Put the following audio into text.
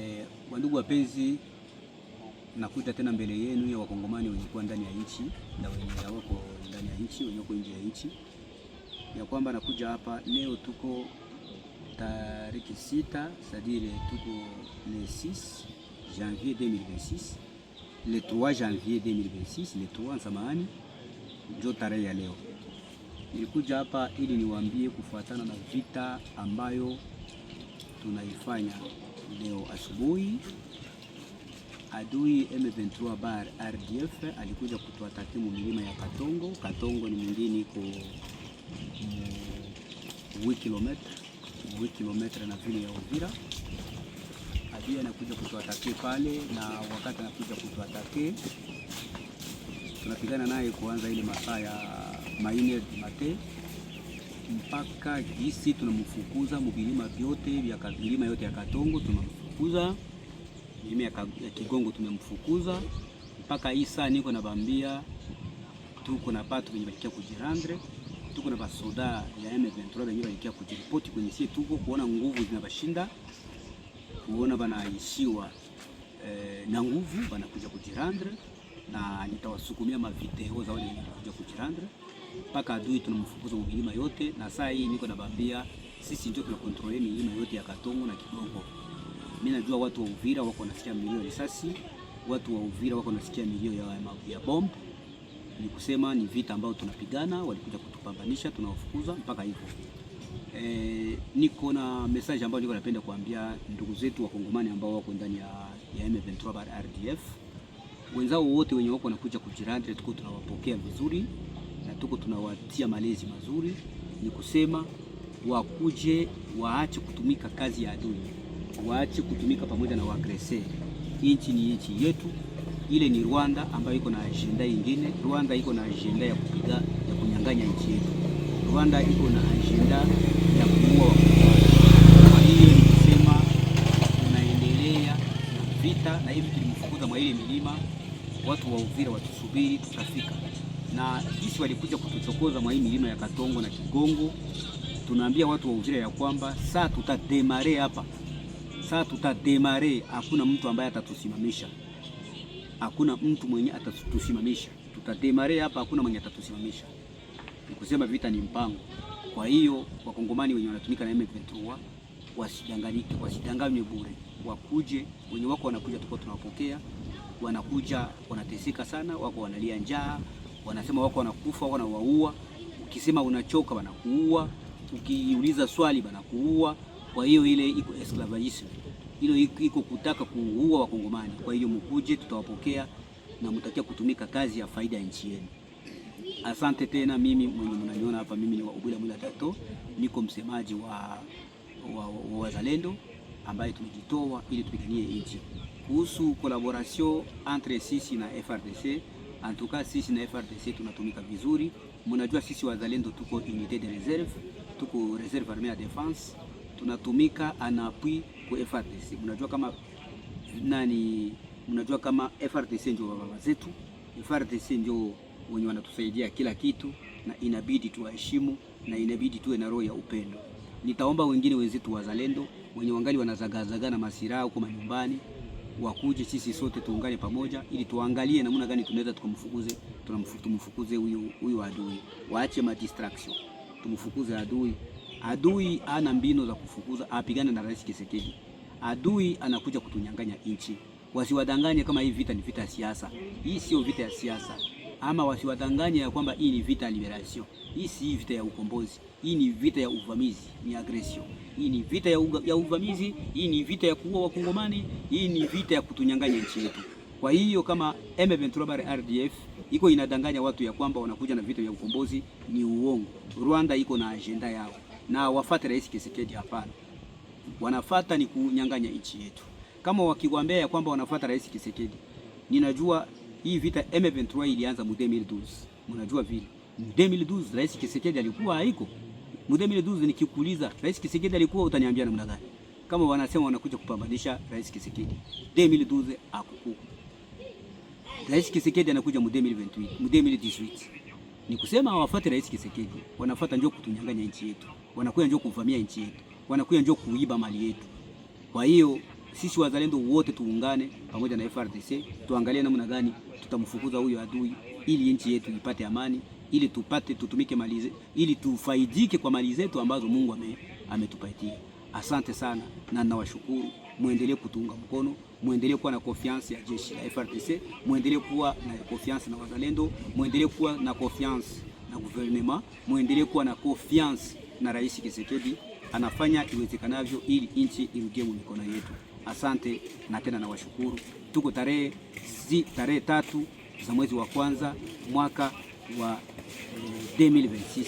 E, wandugu wapenzi, nakuita tena mbele yenu ya wakongomani wenye ndani ya nchi na wenye wako ndani ya nchi, wenye wako nje ya nchi, ya kwamba nakuja hapa leo. Tuko tariki sita sadire, tuko le 6 janvier 2026, le 3 janvier 2026, le 3 samahani, ndio tarehe ya leo. Nilikuja hapa ili niwaambie kufuatana na vita ambayo tunaifanya leo asubuhi adui M23 bar RDF alikuja kutoa takimu milima ya Katongo. Katongo ni mwingine iko wikilometre wikilometre na vile ya Uvira. Adui anakuja kutuatake pale, na wakati anakuja kutuatake tunapigana naye kuanza ile masaa ya maine mate mpaka gisi tunamfukuza muvilima vyote vya vilima yote ya Katongo tunamfukuza, vilima ya Kigongo tumemfukuza mpaka hii saa niko nabambia, tuko na batu venye valikia kujirandre, tuko na basoda ya M23 venye valikia kujiripoti kwenye sie, tuko kuona nguvu zinabashinda, kuona banaishiwa e, na nguvu, banakuja kujirandre na nitawasukumia mavideo za wale kuja kujirandre mpaka adui tunamfukuza milima yote, na saa hii niko nabambia, sisi ndio tunakontrole milima yote ya Katongo na Kibongo. Mimi najua watu wa Uvira wako nasikia milio ya risasi, watu wa Uvira wako nasikia milio ya, ya bomb. Ni kusema ni vita ambayo tunapigana, walikuja kutupambanisha, tunawafukuza mpaka hivyo. E, niko na message ambayo niko napenda kuambia ndugu zetu wa Kongomani ambao wako ndani ya, ya M23 RDF wenzao wote wenye wako wanakuja kujirandre, tuko tunawapokea vizuri na tuko tunawatia malezi mazuri. Ni kusema wakuje waache kutumika kazi ya adui, waache kutumika pamoja na wagrese. Nchi ni nchi yetu, ile ni Rwanda ambayo iko na ajenda nyingine. Rwanda iko na ajenda ya kupiga ya kunyang'anya nchi yetu. Rwanda iko na ajenda ya kuua na hivi tulimfukuza mwa ile milima, watu wa Uvira watusubiri, tutafika na sisi walikuja kutuchokoza mwa hii milima ya Katongo na Kigongo. Tunaambia watu wa Uvira ya kwamba saa tutademare hapa, saa tutademare, hakuna mtu ambaye atatusimamisha, hakuna mtu mwenye atatusimamisha. Tutademare hapa, hakuna mwenye atatusimamisha. Nikusema vita ni mpango. Kwa hiyo wakongomani wenye wanatumika na M23 wasidanganyike, wasidanganywe bure, wakuje wenye wako wanakuja, tuko tunawapokea, wanakuja wanateseka sana, wako wanalia njaa wanasema wako wanakufa, wako wanawaua. Ukisema unachoka wanakuua, ukiuliza swali wanakuua. Kwa hiyo ile iko esclavagisme, hilo iko kutaka kuua Wakongomani. Kwa hiyo mkuje, tutawapokea na mtakia kutumika kazi ya faida ya nchi yenu. Asante tena. Mimi mwenye mnaniona hapa, mimi ni Ubwila Mwila Tato, niko msemaji wa wazalendo wa, wa ambaye tumejitoa ili tupiganie nchi. Kuhusu collaboration entre sisi na FRDC Antuka sisi na FRDC tunatumika vizuri. Mnajua sisi wazalendo tuko unité de reserve, tuko reserve armée ya defense, tunatumika en appui ku FRDC. Mnajua kama nani, mnajua kama FRDC ndio baba zetu, FRDC ndio wenye wanatusaidia kila kitu, na inabidi tuwaheshimu na inabidi tuwe na roho ya upendo. Nitaomba wengine wenzetu wazalendo wenye wangali wanazagazagana masiraha huko manyumbani wakuje, sisi sote tuungane pamoja, ili tuangalie namna gani tunaweza tukamfukuze, tumfukuze huyu huyu adui, waache ma distraction, tumfukuze adui. Adui ana mbinu za kufukuza, apigane na Rais Kisekedi. Adui anakuja kutunyang'anya nchi, wasiwadanganye kama hii vita ni vita ya siasa. Hii sio vita ya siasa ama wasiwadanganya ya kwamba hii ni vita ya liberation. Hii si vita ya ukombozi, hii ni vita ya uvamizi, ni aggression. Hii ni vita ya, ya uvamizi, hii ni vita ya kuua Wakongomani, hii ni vita ya kutunyanganya nchi yetu. Kwa hiyo kama M23 RDF iko inadanganya watu ya kwamba wanakuja na vita vya ukombozi, ni uongo. Rwanda iko na ajenda yao na wafuate Rais Kisekedi? Hapana, wanafuata ni kunyanganya nchi yetu. Kama wakiwaambia ya kwamba wanafuata Rais Kisekedi, ninajua hii vita M23 ilianza mu 2012. Mnajua vile. Mu 2012 Rais Kisekedi alikuwa haiko. Mu 2012 nikikuuliza Rais Kisekedi alikuwa utaniambia namna gani? Kama wanasema wanakuja kupambanisha Rais Kisekedi. 2012 akukuko. Rais Kisekedi anakuja mu 2028, mu 2018. Ni kusema hawafuati Rais Kisekedi, wanafuata njoo kutunyang'anya nchi yetu. Wanakuja njoo kuvamia nchi yetu. Wanakuja njoo kuiba mali yetu. Kwa hiyo sisi wazalendo wote tuungane pamoja na frdc tuangalie namna gani tutamfukuza huyo adui, ili nchi yetu ipate amani, ili tupate tutumike mali ili tufaidike kwa mali zetu ambazo Mungu ametupatia. Asante sana na nawashukuru, muendelee kutuunga mkono, muendelee kuwa na confiance ya jeshi la frdc muendelee kuwa na confiance na wazalendo, muendelee kuwa na confiance na gouvernement, muendelee kuwa na confiance na Rais Tshisekedi anafanya iwezekanavyo ili nchi irudie mikono yetu. Asante na tena nawashukuru. Tuko tarehe si, tarehe tatu za mwezi wa kwanza mwaka wa 2026. Eh,